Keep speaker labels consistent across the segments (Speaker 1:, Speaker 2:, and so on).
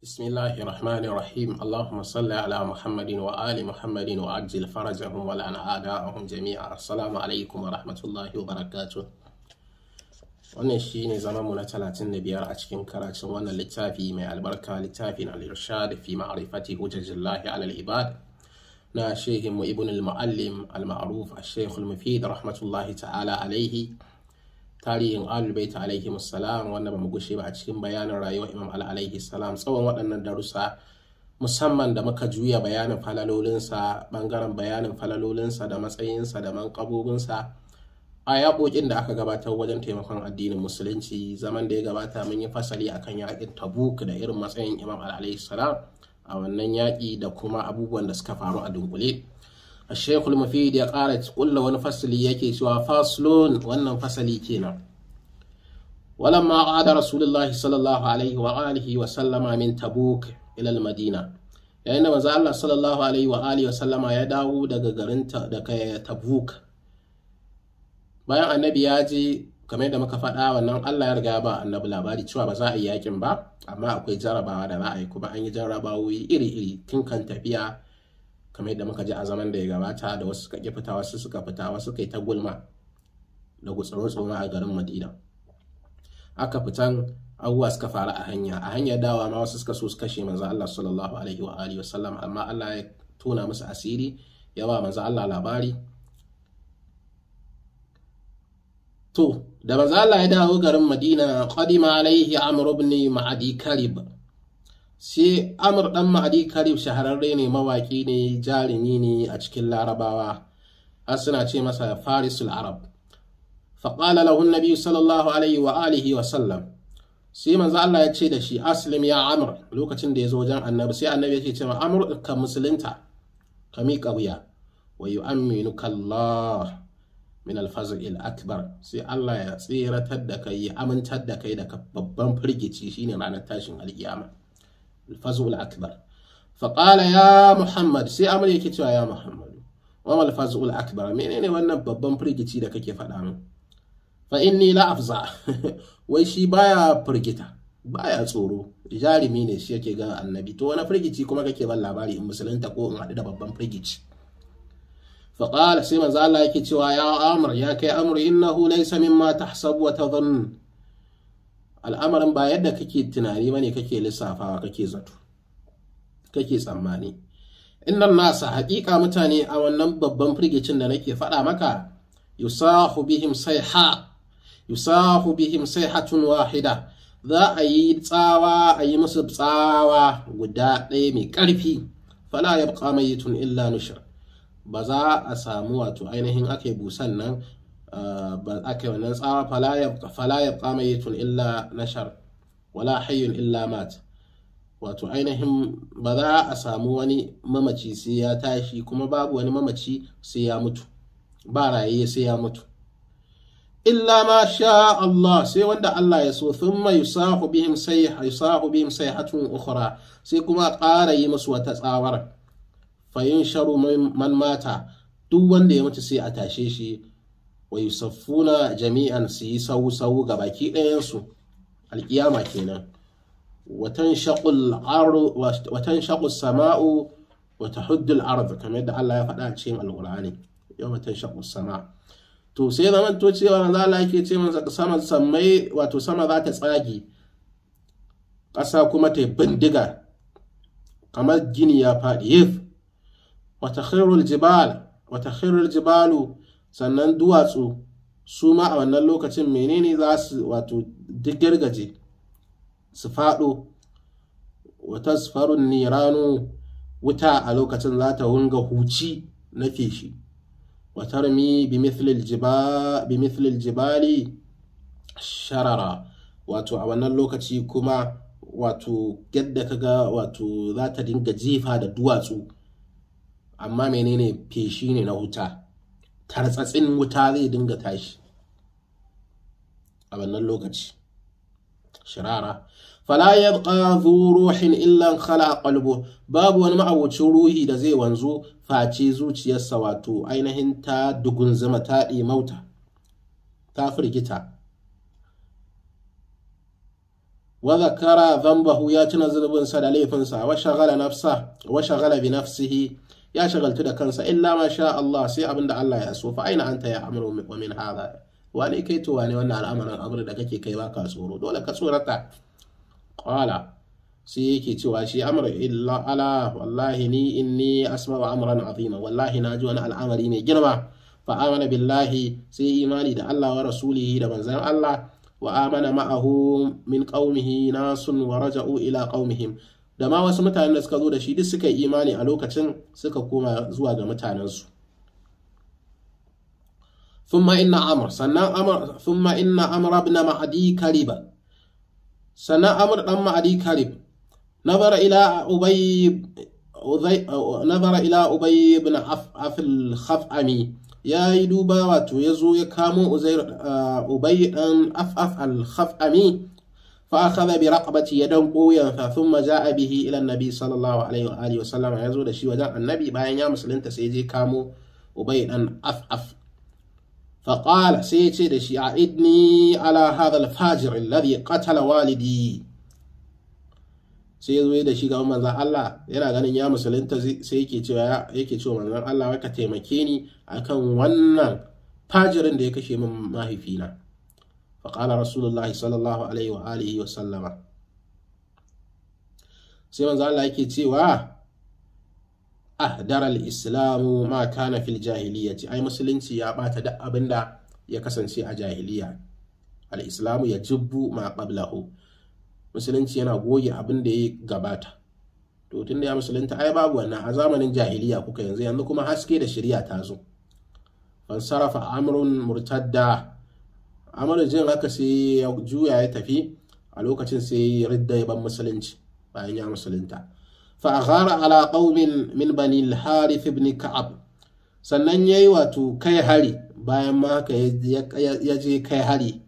Speaker 1: Bismillahir Rahmanir Rahim. Allahumma salli ala Muhammadin wa ali Muhammadin wa ajil farajahum wa la'an jami'a. Assalamu alaikum wa rahmatullahi wa barakatu. Wannan shine zaman mu na talatin da biyar a cikin karatun wannan littafi mai albarka littafin al-irshad fi ma'rifati hujjajillahi 'ala al Na shehin mu Ibn al-Muallim al-Ma'ruf al-Sheikh al-Mufid rahmatullahi ta'ala alaihi. tarihin alubaita alaihi salam wanda ba mu gushe ba a cikin bayanin rayuwar imam al alaihi salam tsawon waɗannan darussa musamman da muka juya bayanin falalolinsa ɓangaren bayanin falalolinsa da matsayinsa da manƙabobinsa a yaƙoƙin da aka gabatar wajen taimakon addinin musulunci zaman da ya gabata mun yi fasali akan yaƙin tabuk da irin matsayin imam al alaihi salam a wannan yaƙi da kuma abubuwan da suka faru a dunkule Sheikhul Mufid ya ƙara kulla wani fasali yake cewa faslun wannan fasali kenan. Walamma qada Rasulullahi sallallahu alaihi wa alihi wa sallama min Tabuk ila Madina. Yayin da manzo Allah sallallahu alaihi wa alihi wa sallama ya dawo daga garin daga Tabuk. Bayan Annabi ya je kamar da muka faɗa wannan Allah ya riga ba Annabi labari cewa ba za a yi yakin ba amma akwai jarabawa da za a kuma an yi jarabawoyi iri-iri tun kan tafiya kamar yadda muka ji a zaman da ya gabata da wasu suka ƙi fita wasu suka fita wasu suka ta gulma da gutsuro-tsoma a garin madina aka fitan abubuwa suka faru a hanya a hanyar dawa ma wasu suka so su kashe manzo Allah sallallahu alaihi wa alihi wasallam amma Allah ya tona musu asiri ya ba manzo Allah labari to da manzo Allah ya dawo garin Madina kadima alaihi Amr ibn Ma'adi Karib sai amur ɗan ma'adi karib shahararre ne mawaƙi ne jarumi ne a cikin larabawa har suna ce masa farisul arab faƙala lahun nabi sallallahu alaihi wa alihi wa sallam sai manzo Allah ya ce da shi aslim ya amur lokacin da ya zo wajen annabi sai annabi ya ce cewa amur ka musulunta ka miƙa wuya wa yu'amminuka Allah min alfazil akbar sai Allah ya tseratar da kai ya amintar da kai daga babban firgici shine ranar tashin alkiyama alfazu akbar faƙala ya muhammad sai amur yake cewa ya muhammad wama alfazu akbar menene wannan babban firgici da kake faɗa min fa inni la afza wai shi baya firgita baya tsoro jarumi ne shi yake ga annabi to wani firgici kuma kake ban labari in musulunta ko in haɗu da babban firgici faƙala sai maza Allah cewa ya amur ya kai amur innahu laysa mimma tahsabu wa tadhann al'amarin ba yadda kake tunani bane kake lissafawa kake zato kake tsammani innan nasa haƙiƙa mutane a wannan babban firgicin da nake faɗa maka yusahu bihim sayha yusahu bihim sayhatun wahida za a yi tsawa a yi musu tsawa guda ɗaya mai ƙarfi fala yabqa tun illa nushir ba za a samu wato ainihin aka yi busan nan ba aka yi wannan tsawa fala ya kama yatun illa nashar wala hayyun illa mat wato ainihin ba za a samu wani mamaci sai ya tashi kuma babu wani mamaci sai ya mutu ba raye sai ya mutu illa ma sha Allah sai wanda Allah ya so thumma yusahu bihim sai yusahu bihim ukhra sai kuma ƙara yi musu wata tsawar fayin sharu man mata duk wanda ya mutu sai a tashe shi wa yusaffuna jami'an su yi sawu sawu ga baki ɗayansu alkiyama kenan watan shaƙul sama'u wata huddul ardu kamar yadda Allah ya faɗa a cikin alƙur'ani yau watan shaƙul sama to sai zaman to cewa za Allah yake ce mun sama sammai wato sama za ta tsage ƙasa kuma ta bindiga kamar gini ya faɗi yif wata khairul jibal wata khairul jibalu sannan duwatsu su ma a wannan lokacin menene za su wato digirgaje su faɗo wata sufarun nirano wuta a lokacin za ta wunga huci na feshi Wata bi mithlil jibali sharara wato a wannan lokaci kuma wato yadda ga, wato za ta dinga jefa da duwatsu amma menene feshi ne na wuta tartsatsin wuta zai dinga tashi a wannan lokaci shirara fala ruhin illan khala qalbu babu wani ma'abocin ruhi da zai wanzu face zuciyarsa wato ainihin ta zama ta mauta ta firgita wa zakara ya tuna zulubinsa da laifinsa wa shagala nafsa bi nafsihi ya shagaltu da kansa illa ma sha Allah sai abin da Allah ya so fa aina anta ya amru wa min hadha wani kai to wani wannan al'amarin amru da kake kai baka tsoro dole ka tsorata qala sai yake cewa shi amru illa ala wallahi ni inni asma'u amran azima wallahi na ji wani al'amari mai girma fa amana billahi sai imani da Allah wa rasulihi da manzon Allah wa amana ma'ahu min qaumihi nasun wa raja'u ila qaumihim da ma wasu mutanen da suka zo da shi duk suka yi imani a lokacin suka koma zuwa ga mutanensu thumma inna amr sannan amr thumma inna amr ibn ma'adi Karib, sannan amr dan ma'adi karib na ila ubay nazara ila ubay ibn afil khaf'ami ya yi duba wato ya zo ya kamo uzair uh, ubay dan afaf al khaf'ami فأخذ برقبة يدن قويا ثم جاء به إلى النبي صلى الله عليه وآله وسلم يزود شي وجاء النبي باين يا مسلم تسيجي كامو أبي أن أفأف فقال سيتي دشي أعدني على هذا الفاجر الذي قتل والدي sai ya zo da shi ga manzan Allah yana ganin ya musulunta sai yake cewa yake cewa manzan Allah ka taimake ni akan wannan fajirin da ya kashe min mahaifina faƙala rasulullahi sallallahu alaihi wa wa sallama sai manzo Allah yake cewa ahdara al-islamu ma kana fil jahiliyyati ai musulunci ya bata duk abinda ya kasance a jahiliya al-islamu ya jibbu ma qablahu musulunci yana goge abin da ya gabata to da ya musulunta ai babu wannan a zamanin jahiliya kuka yanzu yanzu kuma haske da shirya ta zo Ban fansarafa amrun murtadda amadu jin haka sai ya juya ya tafi a lokacin sai ridda ya ban musulunci bayan ya musulunta fa fa'aghara ala qaumin min bani al-harith ibn ka'ab sannan yayi wato kai hari bayan ma haka ya je kai hari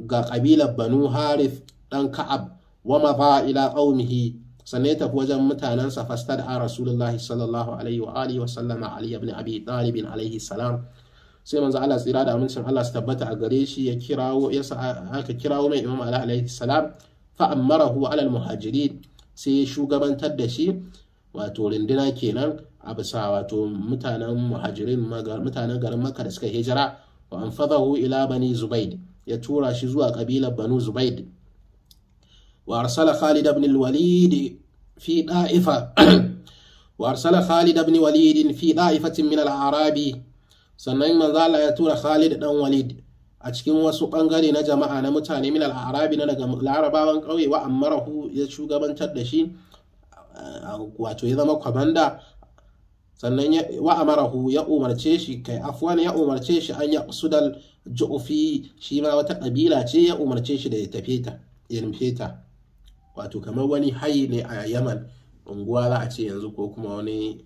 Speaker 1: ga kabilar banu harith dan ka'ab wa ba ila qaumihi sannan ya tafi wajen mutanensa fastad a rasulullahi sallallahu alaihi wa alihi wa sallama ali ibn abi talib alaihi salam sai manzo Allah tsira da amincin Allah su tabbata a gare shi ya kirawo ya aka kirawo mai Imam Allah alaihi salam fa amarahu ala muhajirin sai shugabantar da shi wato rindina kenan a bisa wato mutanen muhajirin mutanen garin Makka da suka hijira wa anfadahu ila bani Zubayd ya tura shi zuwa kabilar Banu Zubayd wa arsala Khalid ibn al-Walid fi da'ifa وأرسل خالد بن وليد في طائفة من الأعراب sannan manzo ya tura Khalid dan Walid a cikin wasu bangare na jama'a na mutane min al-arabi na daga larabawan kauye wa ammarahu ya shugabantar da shi wato ya zama kwamanda sannan wa amarahu ya umarce shi kai afwan ya umarce shi an ya sudal ju'fi shi ma wata kabila ce ya umarce shi da ya tafi ta ya nufe wato kamar wani hayi ne a yaman unguwa za a ce yanzu ko kuma wani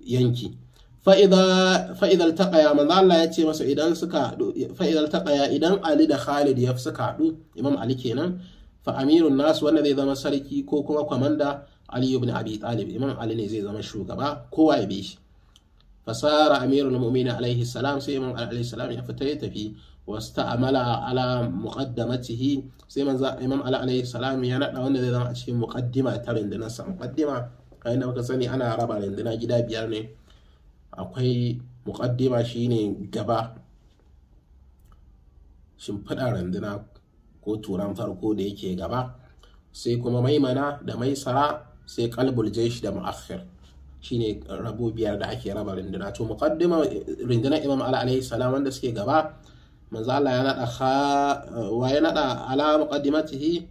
Speaker 1: yanki fa'idal taƙaya manzo Allah ya ce masa idan suka haɗu fa'idar taƙaya idan Ali da Khalid ya suka haɗu Imam Ali kenan fa amirun nasu wanda zai zama sarki ko kuma kwamanda Ali ibn Abi Talib Imam Ali ne zai zama shugaba kowa ya bi shi fasara amirul mu'minin alaihi salam sai Imam Ali alaihi salam ya fita ya tafi wasta'amala ala muqaddamatihi sai manzo Imam Ali alaihi salam ya naɗa wanda zai zama a cikin muqaddima ta rundunar sa muqaddima kayan da muka sani ana raba runduna gida biyar ne akwai muƙaddima shine gaba shimfiɗa randuna ko turan farko da yake gaba sai kuma maimana da maisara sai kalbul jeshi da mu'akhir shine rabo biyar da ake raba rinduna to muqaddima rinduna imam ala alaihi salam wanda suke gaba manzo Allah ya nada wa ya nada ala muqaddimatihi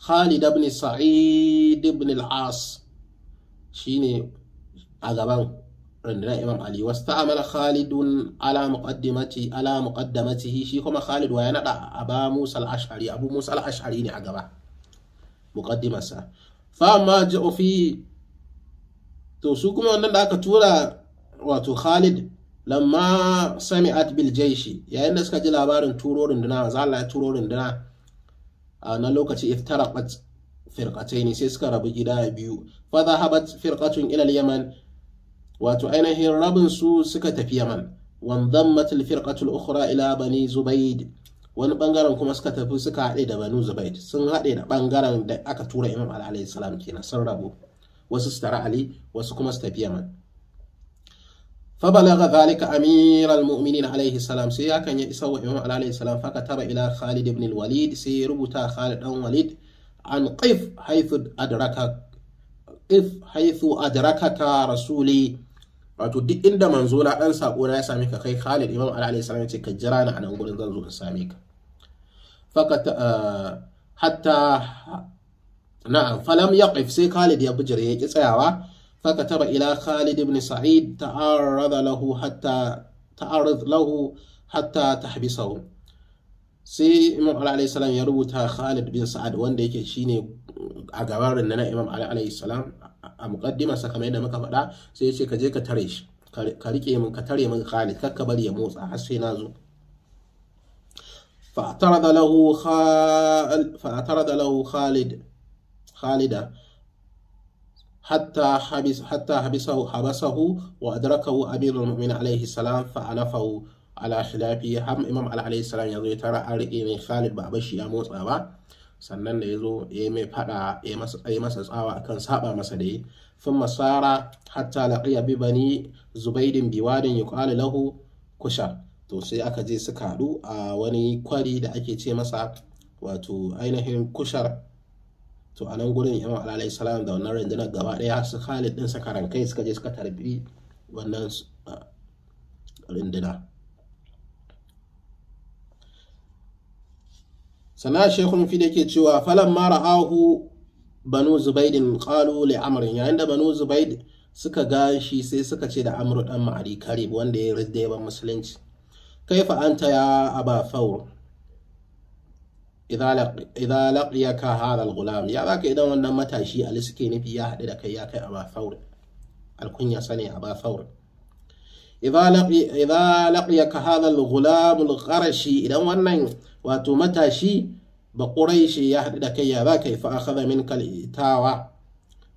Speaker 1: Khalid ibn Sa'id ibn al-As shine a gaban rundunar imam ali wasta amala khalidun ala muqaddimati ala muqaddamatihi kuma khalid wa abu musa al ne a gaba muqaddimarsa fa amma ja'u fi to su kuma wannan da aka tura wato khalid lamma sami'at yayin da suka ji labarin turo runduna manzo turo runduna a sai suka rabu gida biyu yaman wato ainihin rabin su suka tafi yaman wandammat alfirqatu al-ukhra ila bani zubaid wani bangaren kuma suka tafi suka haɗe da banu zubaid sun haɗe da bangaren da aka tura imam ali alayhi salam kenan sun rabu wasu su tara ali wasu kuma su tafi yaman fa balagha dhalika amir al-mu'minin alayhi salam sai hakan ya isa wa imam ali salam fa kataba ila khalid ibn al-walid sai ya rubuta khalid dan walid an qif haythu adraka qif haythu adrakaka rasuli wato duk inda manzo na dan sako na ya same ka kai Khalid Imam Ali alayhi salam ya ce ka jira ni a nan gurin zan zo in same ka fakat ah, hatta na'am falam yaqif sai Khalid ya bijire ya ki tsayawa fakataba ila Khalid ibn Sa'id ta'arrada lahu hatta ta'arrad lahu hatta tahbisahu sai Imam Ali alayhi salam ya rubuta Khalid bin Sa'ad wanda yake shine a gawarin na imam ali alayhi salam a muqaddima sa kamar yadda muka faɗa sai ya ce ka je ka tare shi ka rike min ka tare min khalid bari ya motsa har sai na zo فاعترض له خال فاعترض له خالد خالدا حتى حبس حتى حبسه حبسه وأدركه أمير المؤمنين عليه السلام فعلفه على خلافه هم إمام علي عليه السلام يضي ترى أرئي من خالد بأبشي يا موسى sannan da ya zo ya yi mai fada ya masa tsawa akan saba masa da yi sun masara hatta laƙiya bi bani zubaidin biwadin yuqalu lahu kushar to sai aka je suka haɗu a wani kwari da ake ce masa wato ainihin kushar to a nan gurin yamma alalai salam da wannan rundunar gaba ɗaya su khalid ɗin sakaran kai suka je suka tarbi wannan ah, rundunar sana shekun fi da ke cewa falan mara ahu banu zubaidin qalu li amrin yayin da banu zubaid suka ga shi sai suka ce da amru dan ma'ari karib wanda ya ridda ban musulunci kaifa anta ya aba faur idza laqiyaka hadha al-ghulam ya baka idan wannan matashi ali suke nufi ya haɗu da kai ya kai aba faur alkunya sane aba faur idza laqiyaka hadha al-ghulam al-qarashi idan wannan wato matashi ba ƙuraishi ya haɗu da kai ya ba ka yi fa'akada min kalitawa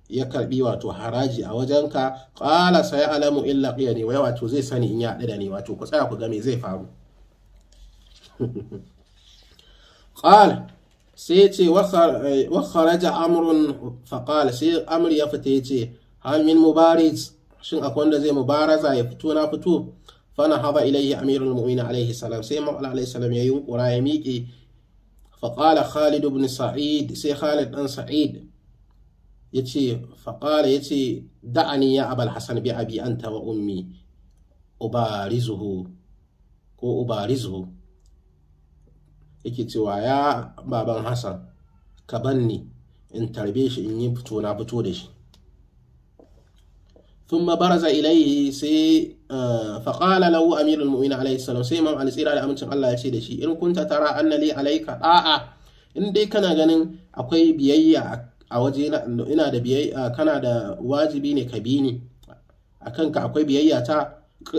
Speaker 1: ya karɓi wato haraji a wajenka ƙala sai alamu illa ƙiya ne wai wato zai sani in ya haɗu da ni wato ku tsaya ku ga me zai faru ƙala sai ce wa kharaja amrun faƙala sai amri ya fita ya ce hal min mubariz shin akwai wanda zai mubaraza ya fito na fito fana haba ilaihi amirul mu'minin alaihi salam sai maula alaihi salam ya yunkura ya miƙe faƙala khalid ibn sa'id sai khalid dan sa'id ya ce faƙala ya ce da'ani ya abal hasan bi abi anta wa ummi ubarizuhu ko ubarizuhu yake cewa ya baban hasan ka banni in tarbe shi in yi fito na fito da shi thumma baraza ilaihi sai faƙala lahu amirul mu'minin alaihi salam sai imam alsira da amincin Allah ya ce da shi in kunta tara annali alaika da'a in dai kana ganin akwai biyayya a waje ina da biyayya kana da wajibi ne ka bi ni akan ka akwai biyayya ta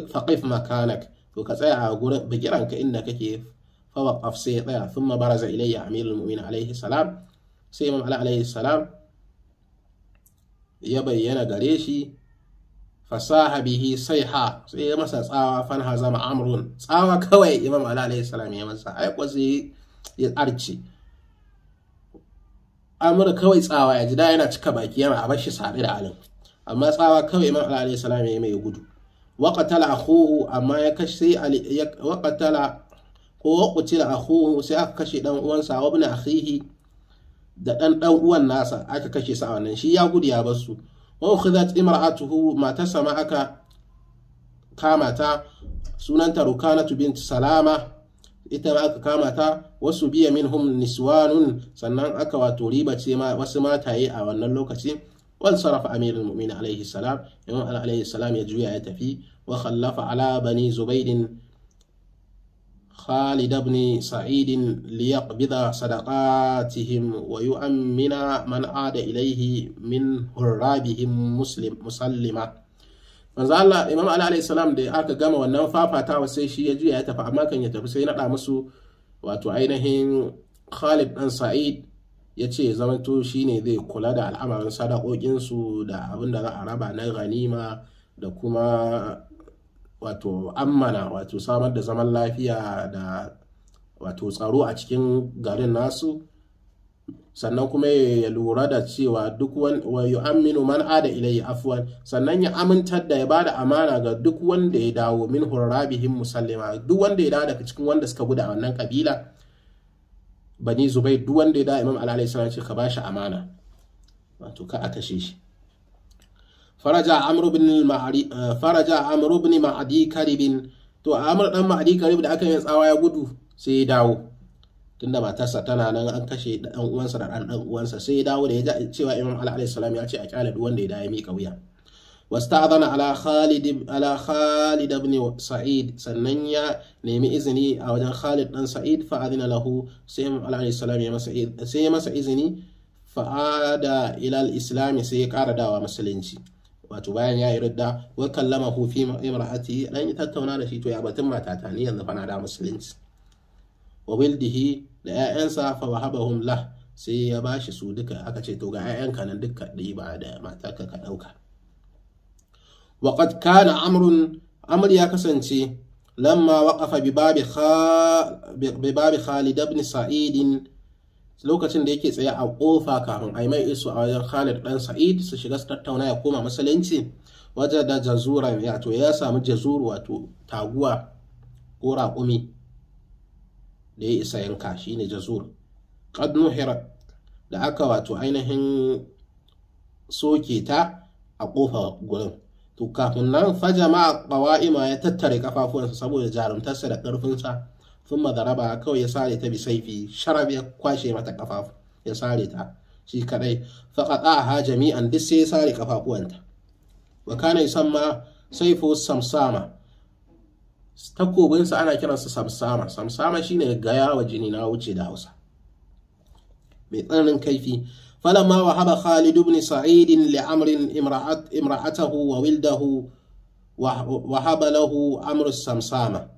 Speaker 1: faqif makanak to ka tsaya a gurin bigiranka inda kake fa sai ya tsaya thumma baraza ilayya amirul mu'minin alaihi salam sai imam ali salam ya bayyana gare shi fasaha bihi sai ha sai ya masa tsawa fan zama amrun tsawa kawai imam ali alayhi salam ya masa ai kwatsi ya arci amur kawai tsawa ya ji da yana cika baki yana a bashi sabi da alin amma tsawa kawai imam ali alayhi salam ya mai gudu wa qatala akhuhu amma ya kashe ali wa qatala ko qutila akhuhu sai aka kashe dan uwansa wa ibn akhihi da dan dan uwan nasa aka kashe sa wannan shi ya gudu ya bar su وأخذت امرأته ما aka kama ta sunanta ركانة بنت salama ita ma aka kama ta wasu biya minhum niswanun sannan aka wato ma wasu mataye a wannan lokaci wal sarafa amirul mu'min alaihi salam imam alaihi salam ya juya ya tafi wa khallafa ala bani zubaidin خالد بن سعيد ليقبض صدقاتهم ويؤمن من عاد إليه من هرابهم مسلم مسلمة manzo Allah Imam Ali alayhi salam da aka gama wannan fafatawa sai shi ya juya ya tafi amma kan ya tafi sai naɗa musu wato ainihin Khalid dan Sa'id ya ce zamanto shine zai kula da al'amarin sadakokinsu da abin da za a raba na ganima da kuma wato ammana wato samar da zaman lafiya da wato tsaro a cikin garin nasu sannan kuma ya lura da cewa duk wani aminu man ada ilayhi afwan sannan ya amintar da ya bada amana ga duk wanda ya dawo min hurrabihim musallima duk wanda ya dawo daga cikin wanda suka gudu a wannan kabila bani zubai duk wanda ya dawo imam alaihi salam ka bashi amana wato ka aka kashe shi faraja amru bin ma'ari eh, faraja amru bin ma'adi karibin to amru dan ma'adi karib da aka yi tsawa ya gudu sai ya dawo tunda matarsa tana nan an kashe dan uwansa da dan uwansa sai ya dawo da ya ji cewa imam ali alayhi salam ya ce a kyale duk wanda ya dawo mika wuya wasta'adana ala khalid ala khalid ibn sa'id sannan ya nemi izini a wajen khalid dan sa'id fa adina lahu sai imam ali alayhi salam ya masa sai ya masa izini fa'ada ila al-islam sai ya kara dawa musulunci wato bayan ya yi ridda wa kallama hu fi imra'atihi dan yi tattauna da shi to ya batun matata ni yanzu fana da musulunci wa wildihi da 'ya'yansa fa wahabahum lah sai ya bashi su duka aka ce to ga 'ya'yanka nan duka ba da matarka ka ɗauka wa qad kana amrun amr ya kasance lamma waqafa bi babi khalid ibn saidin. lokacin da yake tsaye a ƙofa kafin a yi mai isu a wajen Khalid dan Sa'id su shiga su tattauna ya koma musulunci wajen da jazura ya to ya samu jazuru wato taguwa ko raƙumi da ya isa yanka shine jazur ƙad nuhira da aka wato ainihin soke ta a ƙofa gurin to kafin nan fajama ƙawa'ima ya tattare kafafuwansa saboda jarumtarsa da ƙarfinsa ثم ضربها كو يسالي تبي سيفي شرب يكواشي ما تكفاف يسالي تا شي كري فقط آها جميعا دس يسالي كفاف وانت وكان يسمى سيفو السمسامة تكو بنسا أنا كنس سمسامة سمسامة شيني غيا وجنينا وچي داوسا بطن كيفي فلما وهب خالد بن سعيد لعمر امرأت امرأته وولده وهب له عمر السمسامة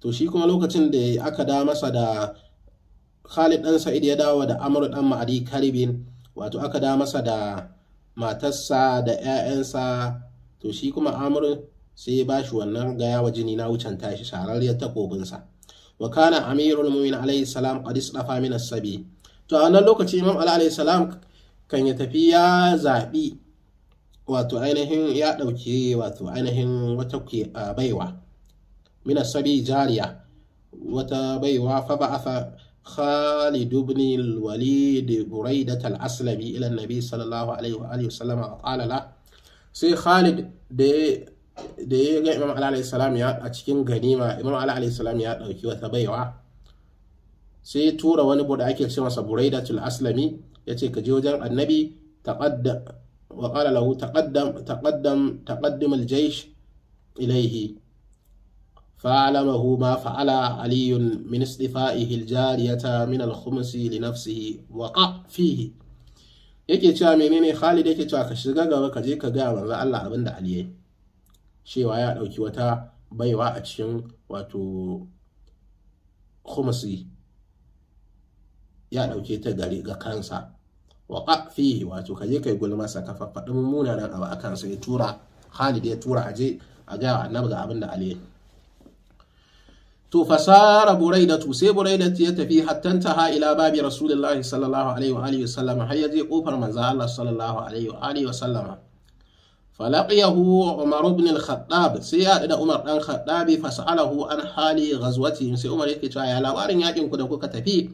Speaker 1: to shi kuma lokacin da aka da masa da Khalid ɗan Sa'id ya dawo da Amr dan Ma'adi Karibin wato aka da masa da matarsa da 'ya'yansa to shi kuma Amr sai ya bashi wannan gaya wa jini na wucin tashi shararriyar takobinsa wa kana amirul mu'min alayhi salam qad istafa min as-sabi to a wannan lokaci Imam Ali alayhi salam kan ya tafi ya zaɓi wato ainihin ya ɗauki wato ainihin wata baiwa min asabi jariya wata baiwa fa ba'atha خالد بن الوليد بريدة الأسلمي إلى النبي صلى الله عليه وآله وسلم وقال له سي خالد دي da ya ga imam ala salam ya a cikin ganima imam ala salam ya dauki wata baiwa sai tura wani buɗa ake ce masa buraidatul aslami ya ce ka je wajen annabi taqaddam wa qala lahu taqaddam taqaddam taqaddam al-jaysh ilayhi فعلمه ما فعل علي من اصطفائه الجارية من الخمس لنفسه وقع فيه yake cewa menene Khalid yake cewa ka shiga gaba ka je ka ga manzo Allah abin da Ali yayi cewa ya dauki wata baiwa a cikin wato khumsi ya dauke ta gari ga kansa wa fihi wato ka je kai gulma sa ka faɗi munanan abu akan sa ya tura Khalid ya tura aje a ga annabi ga abin da Ali yayi to fasara buraidatu sai buraidatu ya tafi hattanta ha ila babi rasulullahi sallallahu alaihi wa alihi har ya je kofar manzo Allah sallallahu alaihi wa alihi falaqiyahu umar ibn al-khattab sai ya haɗu da umar dan khattabi fasalahu an hali ghazwati sai umar yake cewa ya labarin yakin ku da kuka tafi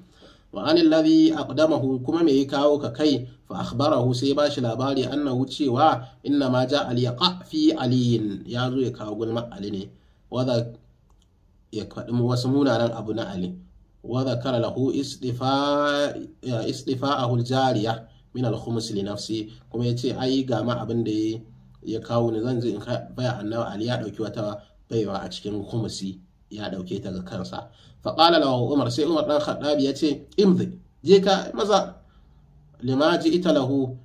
Speaker 1: wa an alladhi aqdamahu kuma me ya kawo ka kai fa akhbarahu sai ba shi labari annahu cewa inna ma ja al yaqa aliyin ya zo ya kawo gulma ali ne ya faɗi wasu munanan abu na Ali wa zakara lahu istifa'ahu jariya min al li nafsi kuma yace ai ga ma abin da ya kawo ni zan je in baya annabi Ali ya dauki wata baiwa a cikin kumusi, ya dauke ta ga kansa fa qala lahu Umar sai Umar dan Khattab yace imdi je ka maza lima ji ita lahu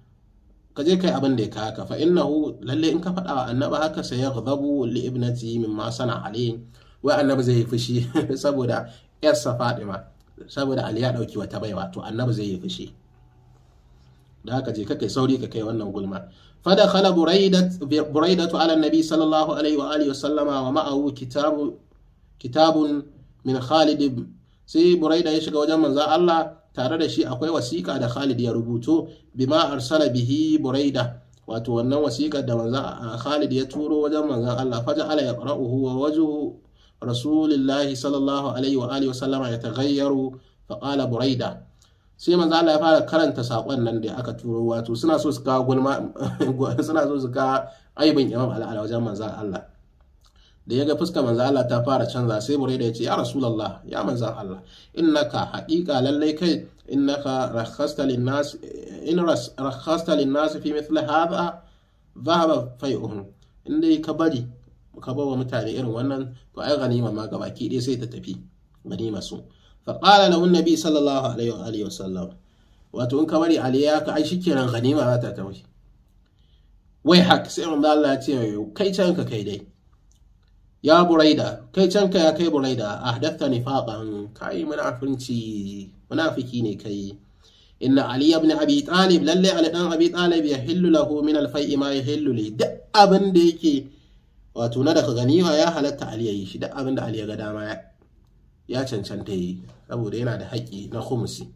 Speaker 1: ka je kai abin da ya kaka fa innahu lalle in ka faɗa wa annaba haka sai ya ghadabu li ibnati mimma sana alayhi wai annabi zai yi fushi saboda yarsa fadima saboda ali ya dauki wata baiwa to annabi zai yi fushi da haka je kai sauri ka kai wannan gulma fada khala buraidatu ala sallallahu alaihi wa alihi wasallama wa ma'ahu kitabu kitabun min khalid sai buraida ya shiga wajen manzon Allah tare da shi akwai wasiƙa da Khalid ya rubuto bima arsala bihi buraida wato wannan wasiƙa da manzon Khalid ya turo wajen manzon Allah faja ala yaqra'uhu wa wajhu رسول الله صلى الله عليه وآله وسلم يتغير فقال بريدة sai manzo Allah ya fara karanta sakon nan da aka turo wato suna so su kawo gulma suna so su kawo aibin Imam al wajen manzo Allah da ya ga fuskar manzo Allah ta fara canza sai Buraida ya ce ya Rasulullah ya manzo Allah innaka haqiqa lallai kai innaka rakhasta lin-nas in rakhasta lin-nas fi mithla hadha dhahaba fai'uhum indai ka bari ka ba wa mutane irin wannan to ai ganima ma gabaki ɗaya sai ta tafi ganima su fa qala lahu annabi sallallahu alaihi wa alihi wasallam wato in ka bari aliya ka ai shikenan ganima za ta tafi wai hak sai da Allah ya ce kai can ka kai dai ya buraida kai can ka ya kai buraida ahdatha nifaqan kai munafinci munafiki ne kai إن علي بن أبي طالب للي على أن أبي طالب يحل له من الفيء ما يحل لي دأ أبن ديكي wato na daga ganiwa ya halatta Ali ya yi shi duk abin da Ali ya ga dama ya cancanta yi saboda yana da haƙƙi na khumsi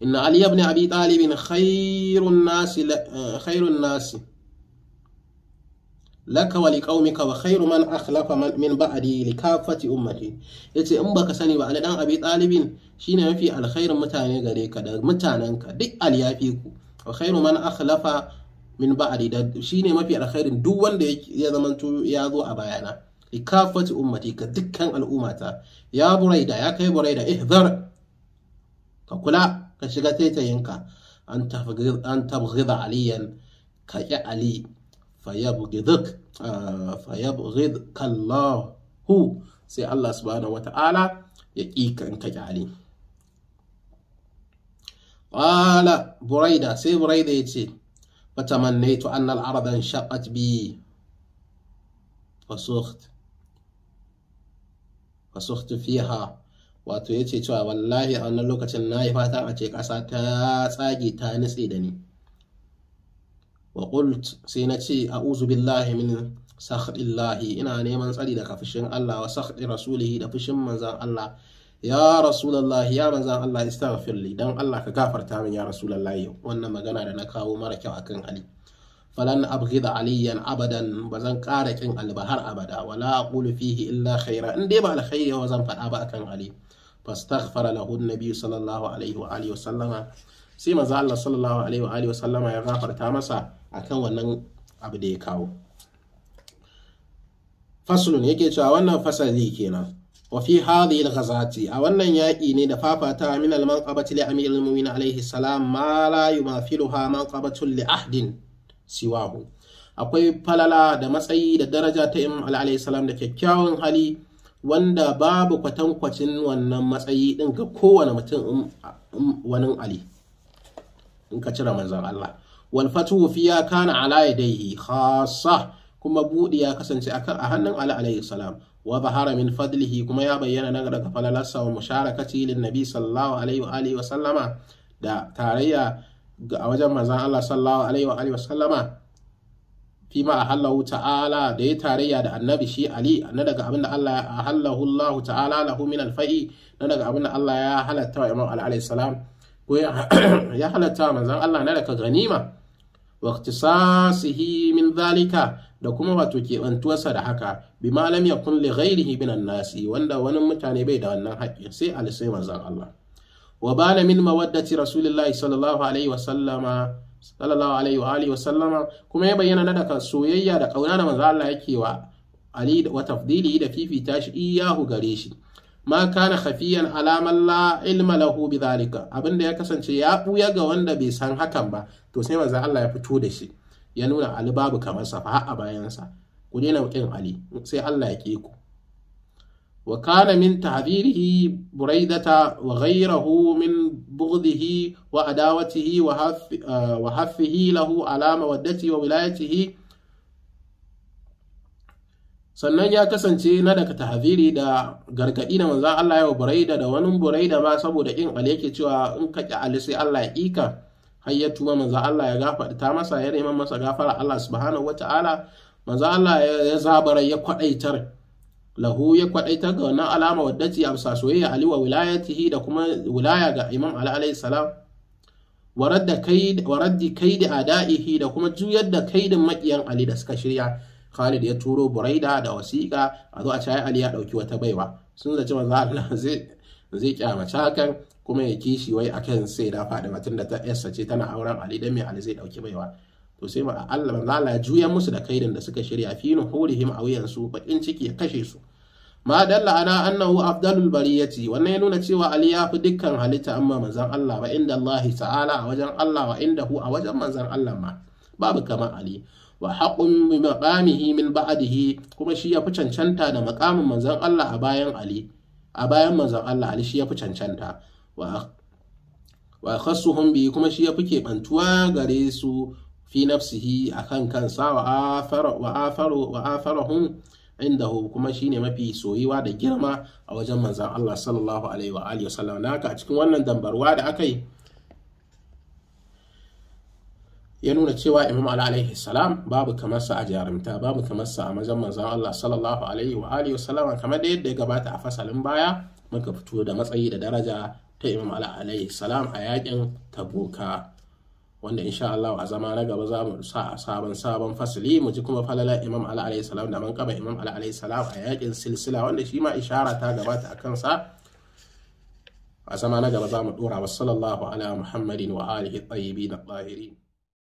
Speaker 1: inna Ali ibn Abi Talib khairun nasi eh, khairun nasi laka wa liqaumika wa khairu man akhlafa min ba'di likafati ummati yace in baka sani ba Ali dan Abi Talib shine mafi alkhairin mutane gare ka da mutanenka duk Ali ya fi ku wa khairu man akhlafa min ba'adi da shine mafi alkhairin duk wanda ya zamanto ya zo a bayana ikafati ummati ka dukkan al'ummata ya buraida ya kai buraida ihzar ka kula ka shiga taitayinka an tabghida aliyan ka ya ali fayabghidak ah, fayabghidka Allah sai Allah subhanahu wata'ala ya kika in ka ali qala buraida sai ya yace وتمنيت أن الأرض انشقت بي فسخت فسخت فيها وتيتيت والله أن لوكة النايفة تأتيك أساتا تاجي تانس إدني وقلت سينتي أعوذ بالله من سخط الله إن أنا من سألي لك فشن الله وسخط رسوله لفشن من الله ya Rasulallah! ya manzan Allah istaghfirli dan Allah ka gafarta min ya rasulullahi wannan magana da na kawo mara kyau akan Ali falan abghida aliyan abadan bazan ƙara kin albahar abada wala aqulu fihi illa khaira in dai ba alkhairi wa zan faɗa ba akan Ali fastaghfara lahu nabi sallallahu alaihi wa alihi sallama sai manzo Allah sallallahu alaihi wa alihi sallama ya gafarta masa akan wannan abu da ya kawo fasulun yake cewa wannan fasali kenan wa fi hadhihi al a wannan yaƙi ne da fafata min al-manqabati li amir al-mu'minin alayhi salam ma la yumathiluha manqabatun li ahdin siwahu akwai falala da matsayi da daraja ta imam alayhi salam da kyakkyawan hali wanda babu kwatankwacin wannan matsayi din ga kowane mutum um, um, wani ali in ka cire manzon Allah wal fatu fiya kana ala yadayhi kuma buɗe ya kasance a hannun ali alayhi salam wa bahara min fadlihi kuma ya bayyana na daga falalarsa wa musharakati lin nabi sallallahu alaihi wa alihi wa sallama da tarayya a wajen manzon Allah sallallahu alaihi wa alihi wa sallama fi ma ahallahu ta'ala da ya tarayya da annabi shi ali na daga abin da Allah ya ahallahu Allah ta'ala lahu min alfa'i na daga abin da Allah ya halatta wa imam alaihi salam ko ya halatta manzon Allah na daga ganima wa ikhtisasihi min zalika da kuma wato keɓantuwarsa da haka bi malam ya kun li ghairihi nasi wanda wani mutane bai da wannan haƙƙi sai alisai manzon Allah wa bala min mawaddati rasulillahi sallallahu alaihi wa sallallahu alaihi wa alihi wa sallama kuma ya bayyana na daga soyayya da kauna da manzon Allah yake wa ali wa tafdili da fifita shi iyahu gare shi ma kana khafiyan alaman la ilma lahu zalika abinda ya kasance ya buya ga wanda bai san hakan ba to sai manzon Allah ya fito da shi ya nuna ali babu kamar sa fa a bayansa ku daina kin ali sai Allah ya ke ku wa kana min tahdhirihi buraidata wa ghayrahu min bughdihi wa adawatihi wa uh, haffihi lahu alama mawaddati wa wilayatihi sannan ya kasance na daga tahziri da gargadi da manzan Allah ya buraida da wani buraida ma saboda in ali yake cewa in ka ali sai Allah ya ika har ya tuba manzo Allah ya gafarta masa ya neman masa gafara Allah subhanahu wataala manzo Allah ya zabara ya kwadaitar lahu ya kwadaitar ga wannan alama wadda ce amsa soyayya Ali wa wilayatihi da kuma wilaya ga Imam Ali alayhi salam waradda kaid waraddi kaid da adaihi da kuma juyar da kaidin makiyan Ali da suka shirya Khalid ya turo Buraida da wasiƙa a zo a cayi Ali ya ɗauki wata baiwa sun zaci manzo Allah zai zai kyamaci hakan kuma ya kishi wai akan sai da matun da ta yarsa ce tana auren Ali dan me Ali zai dauki baiwa to sai ma Allah manzo Allah juyan musu da kaidan da suka shirya fi nuhurihim wuyan su bakin ciki ya kashe su ma dalla ana annahu afdalul bariyati wannan ya nuna cewa ali ya fi dukkan halitta amma manzon Allah ba, inda Allah ta'ala a wajen Allah wa hu a wajen manzon Allah ma babu kamar ali wa haqqun bi maqamihi min ba'dihi kuma shi ya fi cancanta da maqamin manzon Allah a bayan ali a bayan manzon Allah ali shi ya fi cancanta wa khassuhum bi kuma shi ya yafi keɓantuwa gare su fi nafsihi akan kansa wa afarahun wa afarahum indahu kuma shine mafi soyuwa da girma a wajen manzan Allah sallallahu alaihi wa alihi wasallam naka a cikin wannan dambarwa da aka yi ya nuna cewa imam ali alaihi salam babu kamarsa a jarumta babu kamarsa a mazan manzan Allah sallallahu alaihi wa alihi wasallam kamar da yadda ya gabata a fasalin baya muka fito da matsayi da daraja ta imam ali alaihi salam a yakin tabuka wanda insha Allah a zama na gaba za mu sa a sabon sabon fasali mu ji kuma falala imam ali alaihi salam da mankaba imam ali alaihi salam a yakin silsila wanda shi ma ishara ta gabata a kansa a zama na gaba za mu dora wa sallallahu ala muhammadin wa alihi tayyibin at-tahirin